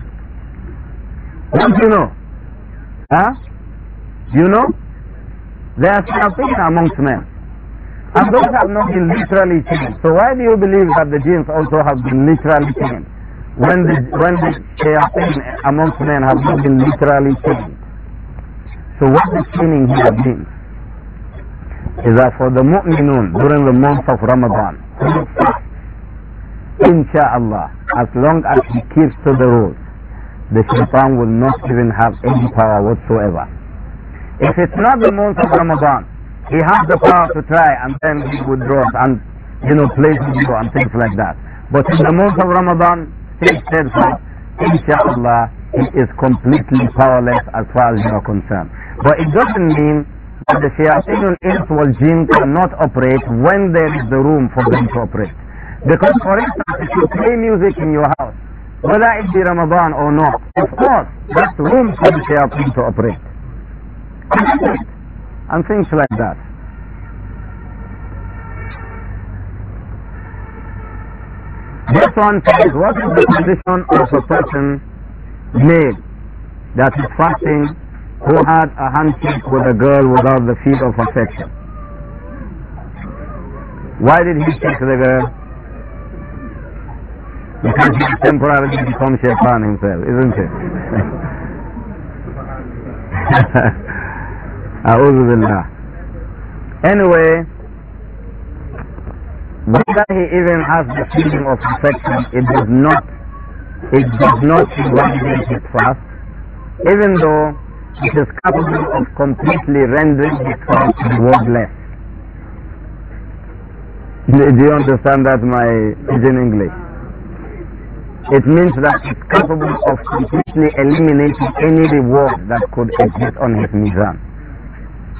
Don't you know? Huh? You know? They are shayateen amongst men. And those have not been literally changed. So why do you believe that the jinns also have been literally changed? when the when the shayateen amongst men have not been literally changed, So what the chaining here means is that for the mu'minun during the month of Ramadan, insha'Allah, as long as he keeps to the rules, the shaitan will not even have any power whatsoever. If it's not the month of Ramadan, he has the power to try and then he withdraws and you know plays with you and things like that. But in the month of Ramadan, he said that, inshallah, he is completely powerless as far as you are concerned. But it doesn't mean that the shayateen ins wal jinn cannot operate when there is the room for them to operate. Because for instance, if you play music in your house, whether it be Ramadan or not, of course, that's room for the shayateen to operate. And things like that. This one says, what is the condition of a person male that is fasting who had a handshake with a girl without the feel of affection? Why did he shake the girl? Because he temporarily becomes Shaitan himself, isn't it? A'udhu Billah. Anyway, whether he even has the feeling of perfection, it does not it does not invalidate his fast, even though it is capable of completely rendering the trust wordless. Do you understand that my is English? It means that it's capable of completely eliminating any reward that could exist on his mizan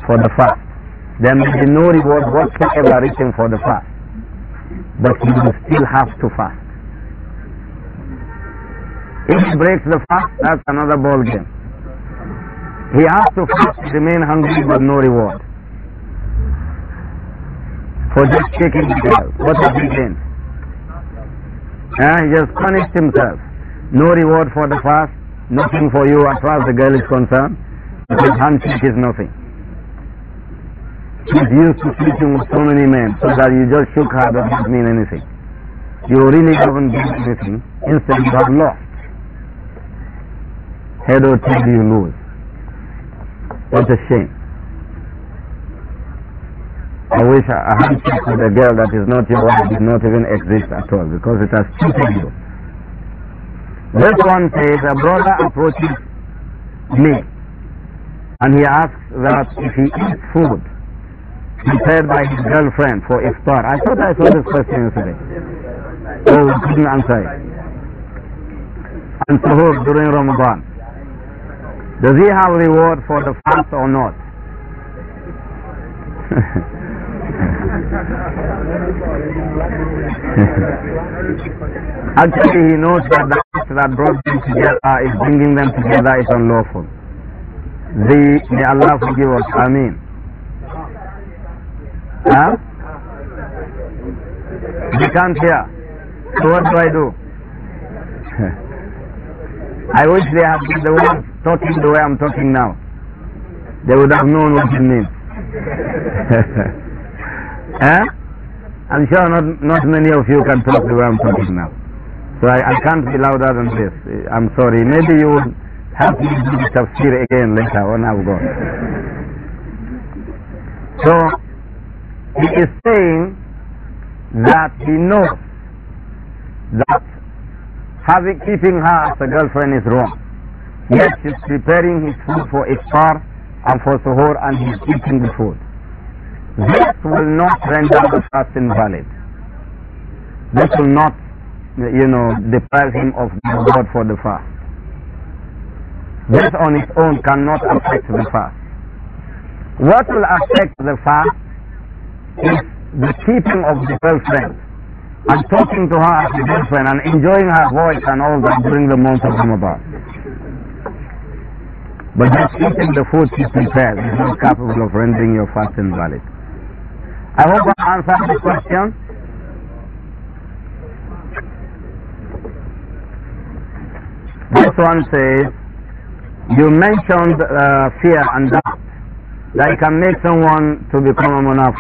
for the fast. There may be no reward whatsoever written for the fast but you will still have to fast. If he breaks the fast, that's another ball game. He has to fast, remain hungry with no reward. For just taking the girl. What has he gain? Eh, he just punished himself. No reward for the fast, nothing for you as far as the girl is concerned. His handshake is nothing. He's used to sleeping with so many men so that you just shook her does not mean anything. You really haven't done anything. Instead, you have lost. Head or tail, you lose. What a shame. I wish I had sex with a girl that is not your wife did not even exist at all because it has cheated you. This one says a brother approaches me and he asks that if he eats food prepared by his girlfriend for iftar. I thought I saw this question yesterday. So oh, he couldn't answer it. And suhoor during Ramadan. Does he have reward for the fast or not? Actually, he knows that the act that brought them together is bringing them together is unlawful. The, may Allah forgive us. Ameen. Huh? can't hear. So what do I do? I wish they had been the one talking the way I'm talking now. They would have known what it means. eh? I'm sure not, not many of you can talk the way I'm talking now. So I, I can't be louder than this. I'm sorry. Maybe you will help me do tafsir again later when I've gone. So he is saying that he knows that having keeping her as a girlfriend is wrong. Yet she's preparing his food for iftar and for suhoor and he's eating the food. This will not render the fast invalid. This will not, you know, deprive him of the reward for the fast. This on its own cannot affect the fast. What will affect the fast is the keeping of the girlfriend and talking to her as a girlfriend and enjoying her voice and all that during the month of Ramadan. But just eating the food she prepared is not capable of rendering your fasting valid. I hope I answered the question. This one says, you mentioned uh, fear and doubt that can make someone to become a monarch.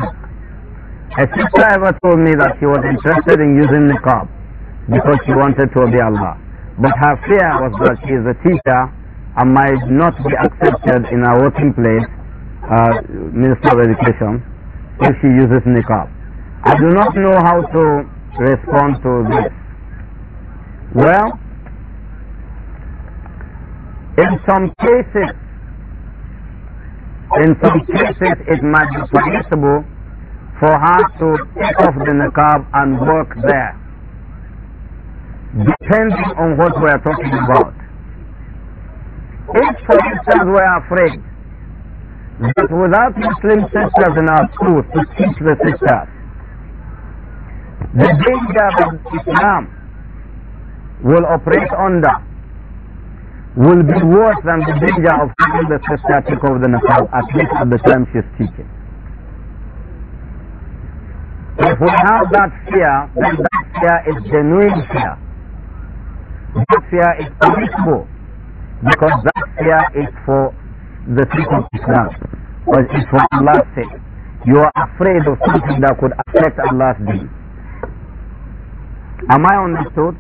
A sister ever told me that she was interested in using niqab because she wanted to obey Allah. But her fear was that she is a teacher and might not be accepted in her working place, uh, Minister of Education, if she uses niqab. I do not know how to respond to this. Well, in some cases, in some cases it might be permissible for her to take off the niqab and work there, depending on what we are talking about. If, for instance, we are afraid that without Muslim sisters in our school to teach the sisters, the danger that Islam will operate under will be worse than the danger of having the sister take over the niqab, at least at the time she is teaching. If we have that fear, then that fear is genuine fear. That fear is permissible because that fear is for the sake of Islam, but it's for Allah's sake. You are afraid of something that could affect Allah's deed. Am I understood?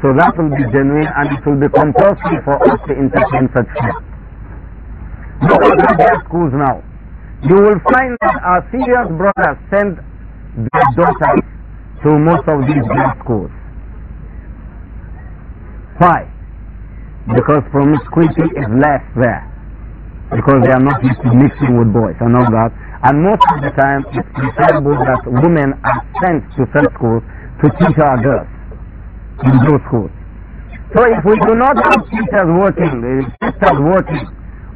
So that will be genuine and it will be compulsory for us to entertain such fear. Look at our schools now. You will find that our serious brothers send their daughters to most of these girls' schools. Why? Because promiscuity is less there. Because they are not used to mixing with boys and all that. And most of the time, it's desirable that women are sent to such schools to teach our girls in those schools. So if we do not have teachers working, sisters working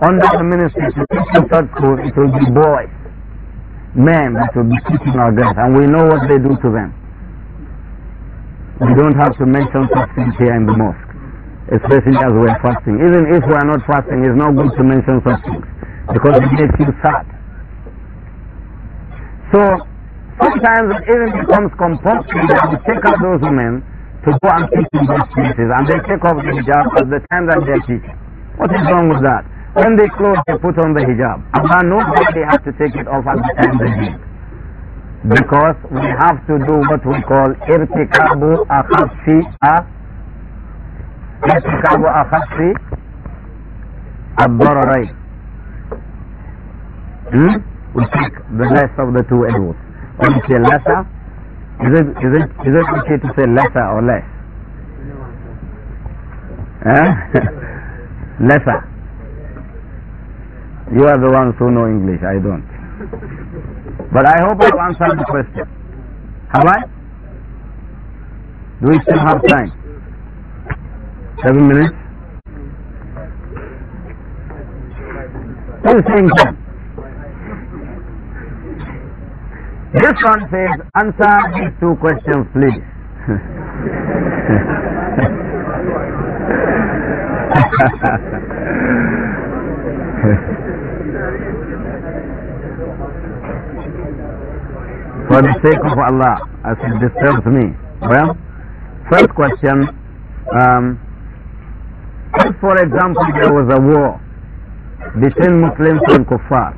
under the ministry to teach in such schools, it will be boys men that will be teaching our girls, and we know what they do to them. We don't have to mention such things here in the mosque, especially as we're fasting. Even if we are not fasting, it's not good to mention such things because it makes you sad. So sometimes it even becomes compulsory that we take up those women to go and teach in those places, and they take off the hijab at the time that they're teaching. What is wrong with that? When they close, they put on the hijab. Allah knows that they have to take it off at the time they day, Because we have to do what we call irtikabu akhafsi a irtikabu akhafsi abdararai. Hmm? We take the less of the two animals. When we say lesser, is it, is it, is it okay to say lesser or less? Eh? lesser. You are the ones who know English, I don't. But I hope I've answered the question. Have I? Do we still have time? Seven minutes? Two things. This one says, answer these two questions, please. for the sake of Allah as it disturbs me. Well, first question, um, if for example there was a war between Muslims and Kuffar,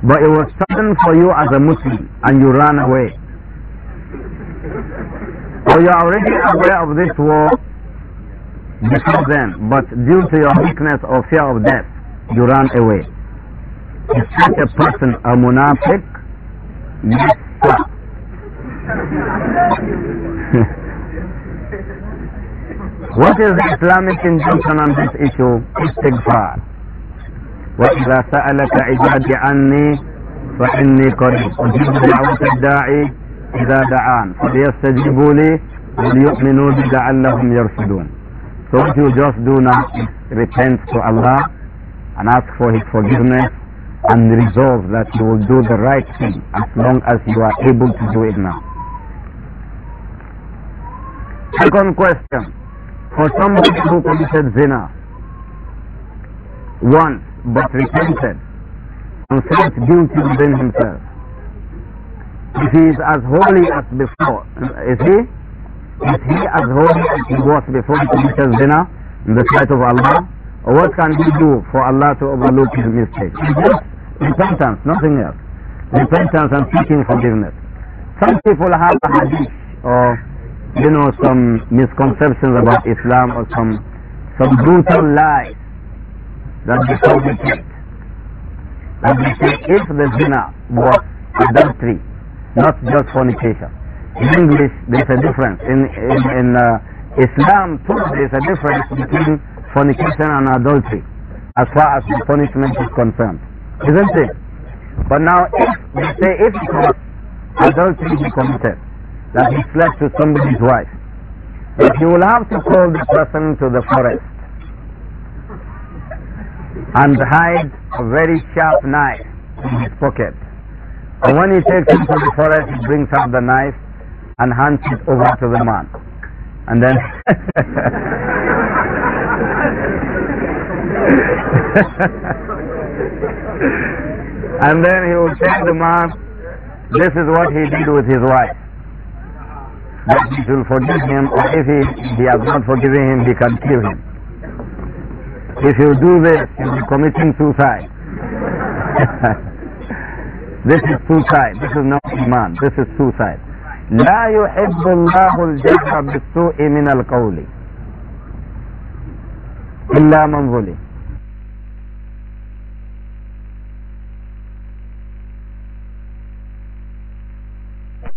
but it was sudden for you as a Muslim and you ran away, so you are already aware of this war before then, but due to your weakness or fear of death, you ran away. Is such a person a munafiq what is the Islamic injunction on this issue? Istighfar. وإذا سألك عبادي عني فإني قريب أجيب دعوة الداعي إذا دعان فليستجيبوا لي وليؤمنوا بي لعلهم يرشدون So what you just do now is repent to Allah and ask for His forgiveness and resolve that you will do the right thing as long as you are able to do it now. Second question For somebody who committed zina once but repented and felt guilty within himself, if he is as holy as before, is he? Is he as holy as he was before he committed zina in the sight of Allah? What can we do for Allah to overlook his mistake? Just repentance, nothing else. Repentance and seeking forgiveness. Some people have a hadith or, you know, some misconceptions about Islam or some, some brutal lies that they fabricate. And they say if the zina was adultery, not just fornication. In English, there's a difference. In, in, in uh, Islam, too, there's a difference between fornication and adultery as far as the punishment is concerned. Isn't it? But now if you say if it was adultery he committed, that he slept with somebody's wife, if you will have to call the person to the forest and hide a very sharp knife in his pocket. And when he takes him to the forest, he brings out the knife and hands it over to the man. And then and then he will tell the man, this is what he did with his wife. That he will forgive him, or if he, he has not forgiven him, he can kill him. If you do this, you are committing suicide. this is suicide. This is not iman. This is suicide. لا يحب الله الجهر بالسوء من القول إلا من ظلم